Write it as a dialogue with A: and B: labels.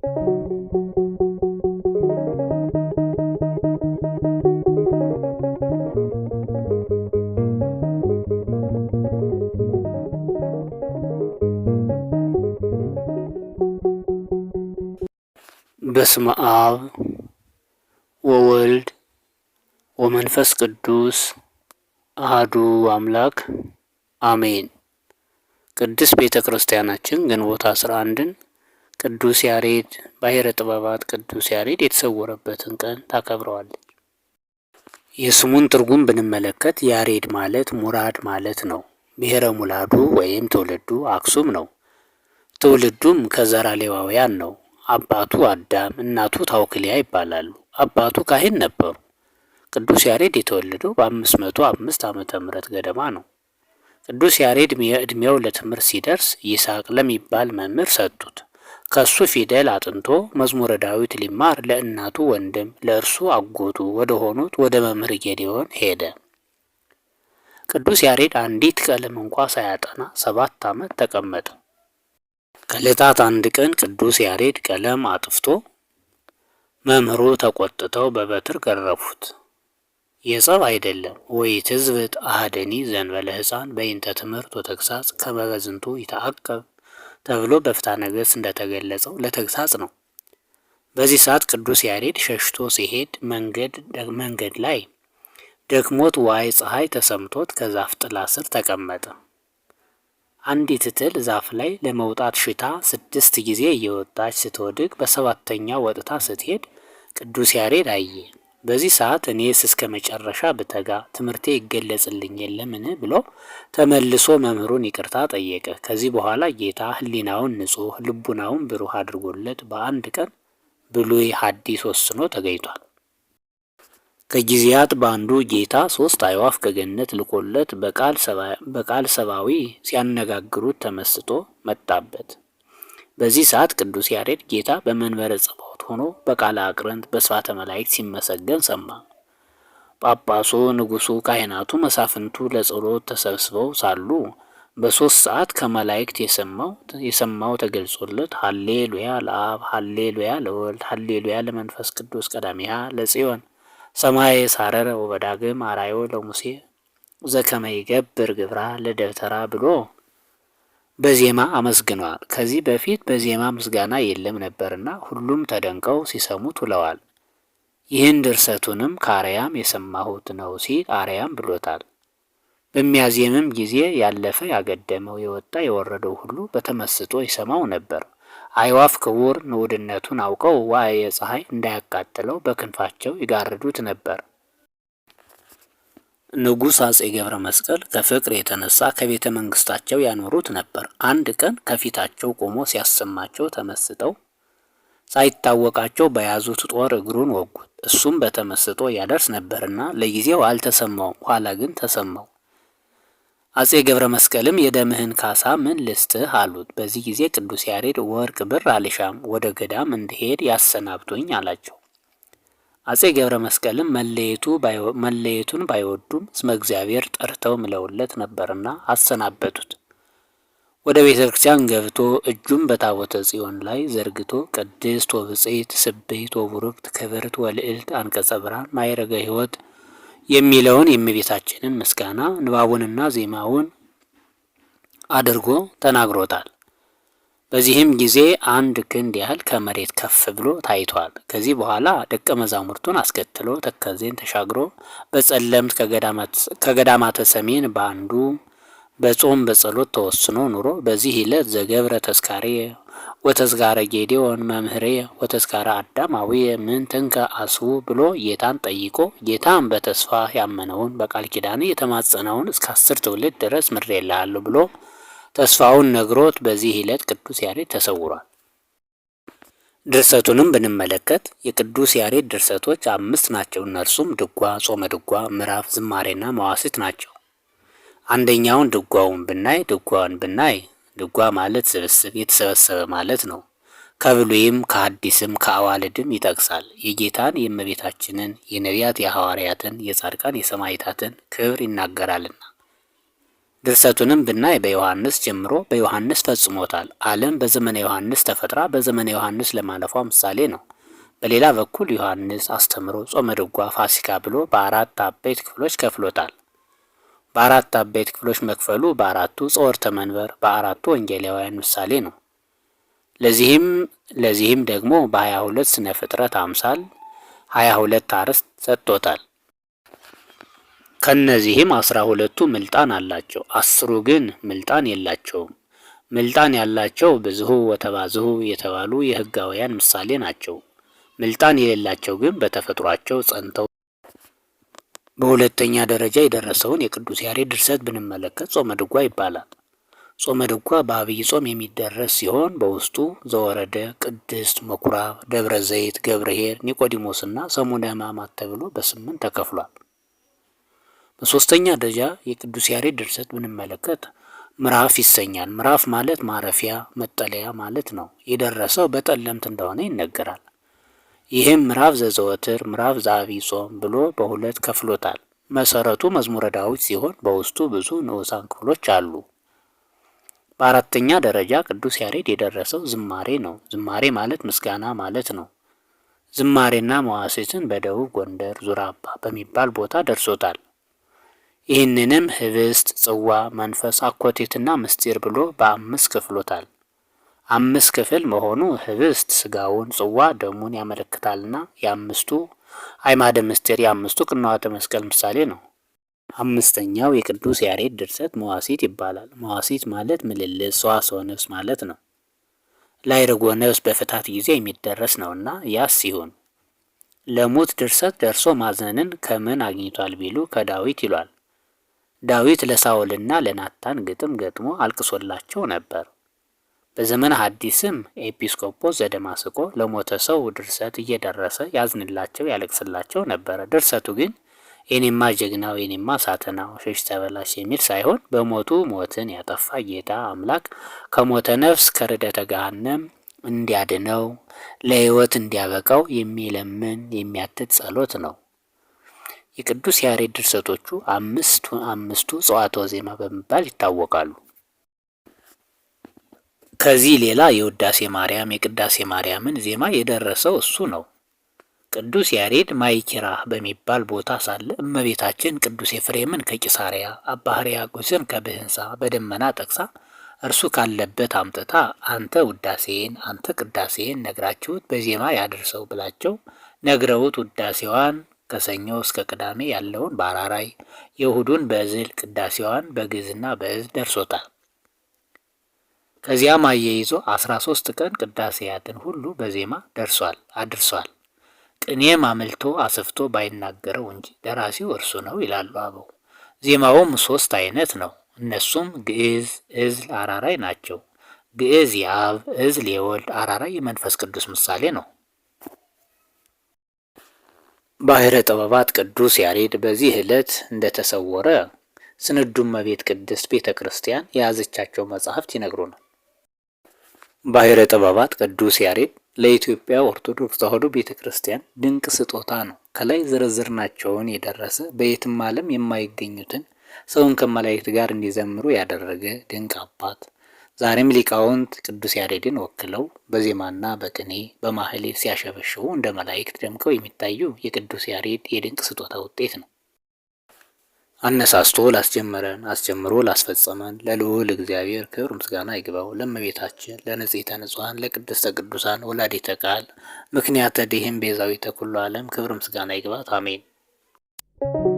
A: በስመ አብ ወወልድ ወመንፈስ ቅዱስ አህዱ አምላክ አሜን። ቅድስት ቤተ ክርስቲያናችን ግንቦት አስራ አንድን ቅዱስ ያሬድ ባሕረ ጥበባት ቅዱስ ያሬድ የተሰወረበትን ቀን ታከብረዋለች። የስሙን ትርጉም ብንመለከት ያሬድ ማለት ሙራድ ማለት ነው። ብሔረ ሙላዱ ወይም ትውልዱ አክሱም ነው። ትውልዱም ከዘራ ሌዋውያን ነው። አባቱ አዳም፣ እናቱ ታውክሊያ ይባላሉ። አባቱ ካህን ነበሩ። ቅዱስ ያሬድ የተወለደው በአምስት መቶ አምስት ዓመተ ምህረት ገደማ ነው። ቅዱስ ያሬድ ዕድሜው ለትምህርት ሲደርስ ይስሐቅ ለሚባል መምህር ሰጡት። ከሱ ፊደል አጥንቶ መዝሙረ ዳዊት ሊማር ለእናቱ ወንድም ለእርሱ አጎቱ ወደ ሆኑት ወደ መምህር ጌዴዎን ሄደ። ቅዱስ ያሬድ አንዲት ቀለም እንኳ ሳያጠና ሰባት ዓመት ተቀመጠ። ከዕለታት አንድ ቀን ቅዱስ ያሬድ ቀለም አጥፍቶ መምህሩ ተቆጥተው በበትር ገረፉት። የጸብ አይደለም ወይትዝብት አህደኒ ዘንበለ ሕፃን በይንተ ትምህርት ወተግሳጽ ከመበዝንቱ ይተአቀብ ተብሎ በፍታ ነገሥት እንደተገለጸው ለተግሳጽ ነው። በዚህ ሰዓት ቅዱስ ያሬድ ሸሽቶ ሲሄድ መንገድ ላይ ደክሞት ዋይ ፀሐይ ተሰምቶት ከዛፍ ጥላ ስር ተቀመጠ። አንዲት ትል ዛፍ ላይ ለመውጣት ሽታ ስድስት ጊዜ እየወጣች ስትወድቅ በሰባተኛው ወጥታ ስትሄድ ቅዱስ ያሬድ አየ። በዚህ ሰዓት እኔስ እስከ መጨረሻ ብተጋ ትምህርቴ ይገለጽልኝ የለምን ብሎ ተመልሶ መምህሩን ይቅርታ ጠየቀ። ከዚህ በኋላ ጌታ ሕሊናውን ንጹሕ ልቡናውን ብሩህ አድርጎለት በአንድ ቀን ብሉይ ሐዲስ ወስኖ ተገኝቷል። ከጊዜያት በአንዱ ጌታ ሶስት አዕዋፍ ከገነት ልኮለት በቃል ሰብአዊ ሲያነጋግሩት ተመስጦ መጣበት። በዚህ ሰዓት ቅዱስ ያሬድ ጌታ በመንበረ ጽባ ወቅት ሆኖ በቃለ አቅረንት በስፋተ መላእክት ሲመሰገን ሰማ። ጳጳሱ፣ ንጉሱ ካህናቱ፣ መሳፍንቱ ለጸሎት ተሰብስበው ሳሉ በሶስት ሰዓት ከመላእክት የሰማው የሰማው ተገልጾለት ሀሌሉያ ለአብ ሀሌሉያ ለወልድ ሀሌሉያ ለመንፈስ ቅዱስ ቀዳሚያ ለጽዮን ሰማይ ሳረረ ወበዳግም አራዮ ለሙሴ ዘከመይ ገብር ግብራ ለደብተራ ብሎ በዜማ አመስግኗል። ከዚህ በፊት በዜማ ምስጋና የለም ነበርና ሁሉም ተደንቀው ሲሰሙት ውለዋል። ይህን ድርሰቱንም ከአርያም የሰማሁት ነው ሲል አርያም ብሎታል። በሚያዜምም ጊዜ ያለፈ ያገደመው የወጣ የወረደው ሁሉ በተመስጦ ይሰማው ነበር። አይዋፍ ክቡር ንዑድነቱን አውቀው ዋዕየ ፀሐይ እንዳያቃጥለው በክንፋቸው ይጋርዱት ነበር። ንጉሥ አጼ ገብረ መስቀል ከፍቅር የተነሳ ከቤተ መንግስታቸው ያኖሩት ነበር። አንድ ቀን ከፊታቸው ቆሞ ሲያሰማቸው ተመስጠው ሳይታወቃቸው በያዙት ጦር እግሩን ወጉት። እሱም በተመስጦ ያደርስ ነበርና ለጊዜው አልተሰማውም፣ ኋላ ግን ተሰማው። አጼ ገብረ መስቀልም የደምህን ካሳ ምን ልስጥህ አሉት። በዚህ ጊዜ ቅዱስ ያሬድ ወርቅ ብር አልሻም፣ ወደ ገዳም እንድሄድ ያሰናብቱኝ አላቸው። አጼ ገብረ መስቀልም መለየቱን ባይወዱም ስመ እግዚአብሔር ጠርተው ምለውለት ነበርና አሰናበቱት። ወደ ቤተ ክርስቲያን ገብቶ እጁን በታቦተ ጽዮን ላይ ዘርግቶ ቅድስት ወብጽሕት ስብሕት ወቡርክት ክብርት ወልዕልት አንቀጸ ብርሃን ማይረገ ሕይወት የሚለውን የእመቤታችንን ምስጋና ንባቡንና ዜማውን አድርጎ ተናግሮታል። በዚህም ጊዜ አንድ ክንድ ያህል ከመሬት ከፍ ብሎ ታይቷል። ከዚህ በኋላ ደቀ መዛሙርቱን አስከትሎ ተከዜን ተሻግሮ በጸለምት ከገዳማተ ሰሜን በአንዱ በጾም በጸሎት ተወስኖ ኑሮ በዚህ ዕለት ዘገብረ ተስካሬ ወተስጋረ ጌዴዎን መምህሬ ወተስጋረ አዳማዊ ምን ትንከ አስቡ ብሎ ጌታን ጠይቆ ጌታን በተስፋ ያመነውን በቃል ኪዳን የተማጸነውን እስከ አስር ትውልድ ድረስ ምሬላለሁ ብሎ ተስፋውን ነግሮት በዚህ ዕለት ቅዱስ ያሬድ ተሰውሯል። ድርሰቱንም ብንመለከት የቅዱስ ያሬድ ድርሰቶች አምስት ናቸው። እነርሱም ድጓ፣ ጾመ ድጓ፣ ምዕራፍ፣ ዝማሬና መዋሥዕት ናቸው። አንደኛውን ድጓውን ብናይ ድጓውን ብናይ ድጓ ማለት ስብስብ የተሰበሰበ ማለት ነው። ከብሉይም ከአዲስም ከአዋልድም ይጠቅሳል። የጌታን የእመቤታችንን የነቢያት የሐዋርያትን የጻድቃን የሰማዕታትን ክብር ይናገራልና ድርሰቱንም ብናይ በዮሐንስ ጀምሮ በዮሐንስ ፈጽሞታል። ዓለም በዘመነ ዮሐንስ ተፈጥራ በዘመነ ዮሐንስ ለማለፏ ምሳሌ ነው። በሌላ በኩል ዮሐንስ አስተምሮ ጾመ ድጓ፣ ፋሲካ ብሎ በአራት አበይት ክፍሎች ከፍሎታል። በአራት አበይት ክፍሎች መክፈሉ በአራቱ ጸወርተ መንበር በአራቱ ወንጌላውያን ምሳሌ ነው። ለዚህም ለዚህም ደግሞ በ22 ስነ ፍጥረት አምሳል 22 አርዕስት ሰጥቶታል። ከነዚህም አስራ ሁለቱ ምልጣን አላቸው፣ አስሩ ግን ምልጣን የላቸውም። ምልጣን ያላቸው ብዝሁ ወተባዝሁ የተባሉ የህጋውያን ምሳሌ ናቸው። ምልጣን የሌላቸው ግን በተፈጥሯቸው ጸንተው። በሁለተኛ ደረጃ የደረሰውን የቅዱስ ያሬድ ድርሰት ብንመለከት ጾመ ድጓ ይባላል። ጾመ ድጓ በአብይ ጾም የሚደረስ ሲሆን በውስጡ ዘወረደ፣ ቅድስት፣ ምኩራብ፣ ደብረ ዘይት፣ ገብርኄር፣ ኒቆዲሞስና ሰሙነ ሕማማት ተብሎ በስምንት ተከፍሏል። በሶስተኛ ደረጃ የቅዱስ ያሬድ ድርሰት ብንመለከት ምዕራፍ ይሰኛል። ምዕራፍ ማለት ማረፊያ መጠለያ ማለት ነው። የደረሰው በጠለምት እንደሆነ ይነገራል። ይህም ምዕራፍ ዘዘወትር፣ ምዕራፍ ዘአብይ ጾም ብሎ በሁለት ከፍሎታል። መሰረቱ መዝሙረ ዳዊት ሲሆን በውስጡ ብዙ ንዑሳን ክፍሎች አሉ። በአራተኛ ደረጃ ቅዱስ ያሬድ የደረሰው ዝማሬ ነው። ዝማሬ ማለት ምስጋና ማለት ነው። ዝማሬና መዋሴትን በደቡብ ጎንደር ዙራባ በሚባል ቦታ ደርሶታል። ይህንንም ህብስት፣ ጽዋ፣ መንፈስ፣ አኮቴትና ምስጢር ብሎ በአምስት ክፍሎታል። አምስት ክፍል መሆኑ ህብስት ስጋውን፣ ጽዋ ደሙን ያመለክታልና የአምስቱ አይማደ ምስጢር የአምስቱ ቅንዋተ መስቀል ምሳሌ ነው። አምስተኛው የቅዱስ ያሬድ ድርሰት መዋሲት ይባላል። መዋሲት ማለት ምልልስ፣ ሰዋስወ ነፍስ ማለት ነው። ላዕርጎ ነፍስ በፍታት ጊዜ የሚደረስ ነውና ያስ ሲሆን ለሙት ድርሰት ደርሶ ማዘንን ከምን አግኝቷል ቢሉ ከዳዊት ይሏል። ዳዊት ለሳውልና ለናታን ግጥም ገጥሞ አልቅሶላቸው ነበር። በዘመነ ሐዲስም ኤጲስቆጶስ ዘደማስቆ ለሞተ ሰው ድርሰት እየደረሰ ያዝንላቸው ያለቅስላቸው ነበረ። ድርሰቱ ግን የኔማ ጀግናው የኔማ ሳተናው ሸሽ ተበላሽ የሚል ሳይሆን በሞቱ ሞትን ያጠፋ ጌታ አምላክ ከሞተ ነፍስ ከርደተ ገሃነም እንዲያድነው ለሕይወት እንዲያበቃው የሚለምን የሚያትት ጸሎት ነው። የቅዱስ ያሬድ ድርሰቶቹ አምስቱ አምስቱ ጸዋትወ ዜማ በመባል ይታወቃሉ። ከዚህ ሌላ የውዳሴ ማርያም የቅዳሴ ማርያምን ዜማ የደረሰው እሱ ነው። ቅዱስ ያሬድ ማይኪራ በሚባል ቦታ ሳለ እመቤታችን ቅዱስ ኤፍሬምን ከቂሳሪያ አባ ሕርያቆስን ከብህንሳ በደመና ጠቅሳ እርሱ ካለበት አምጥታ አንተ ውዳሴን አንተ ቅዳሴን ነግራችሁት በዜማ ያድርሰው ብላቸው ነግረውት ውዳሴዋን ከሰኞ እስከ ቅዳሜ ያለውን በአራራይ የእሁዱን በእዝል ቅዳሴዋን በግዕዝና በእዝ ደርሶታል። ከዚያም አየይዞ አስራ ሶስት ቀን ቅዳሴያትን ሁሉ በዜማ ደርሷል አድርሷል። ቅኔም አመልቶ አስፍቶ ባይናገረው እንጂ ደራሲው እርሱ ነው ይላሉ አበው። ዜማውም ሶስት አይነት ነው። እነሱም ግዕዝ፣ እዝል አራራይ ናቸው። ግዕዝ የአብ እዝል የወልድ አራራይ የመንፈስ ቅዱስ ምሳሌ ነው። ባህረ ጥበባት ቅዱስ ያሬድ በዚህ ዕለት እንደተሰወረ ስንዱ እመቤት ቅድስት ቤተ ክርስቲያን የያዘቻቸው መጻሕፍት ይነግሩናል። ባህረ ጥበባት ቅዱስ ያሬድ ለኢትዮጵያ ኦርቶዶክስ ተዋሕዶ ቤተ ክርስቲያን ድንቅ ስጦታ ነው። ከላይ ዝርዝርናቸውን የደረሰ በየትም ዓለም የማይገኙትን ሰውን ከመላእክት ጋር እንዲዘምሩ ያደረገ ድንቅ አባት ዛሬም ሊቃውንት ቅዱስ ያሬድን ወክለው በዜማና በቅኔ በማህሌ ሲያሸበሽቡ እንደ መላእክት ደምቀው የሚታዩ የቅዱስ ያሬድ የድንቅ ስጦታ ውጤት ነው። አነሳስቶ ላስጀመረን አስጀምሮ ላስፈጸመን ለልዑል እግዚአብሔር ክብር ምስጋና ይግባው። ለእመቤታችን ለንጽሕተ ንጹሐን ለቅድስተ ቅዱሳን ወላዲተ ቃል ምክንያተ ድኂን ቤዛዊተ ኩሉ ዓለም ክብር ምስጋና ይግባት። አሜን።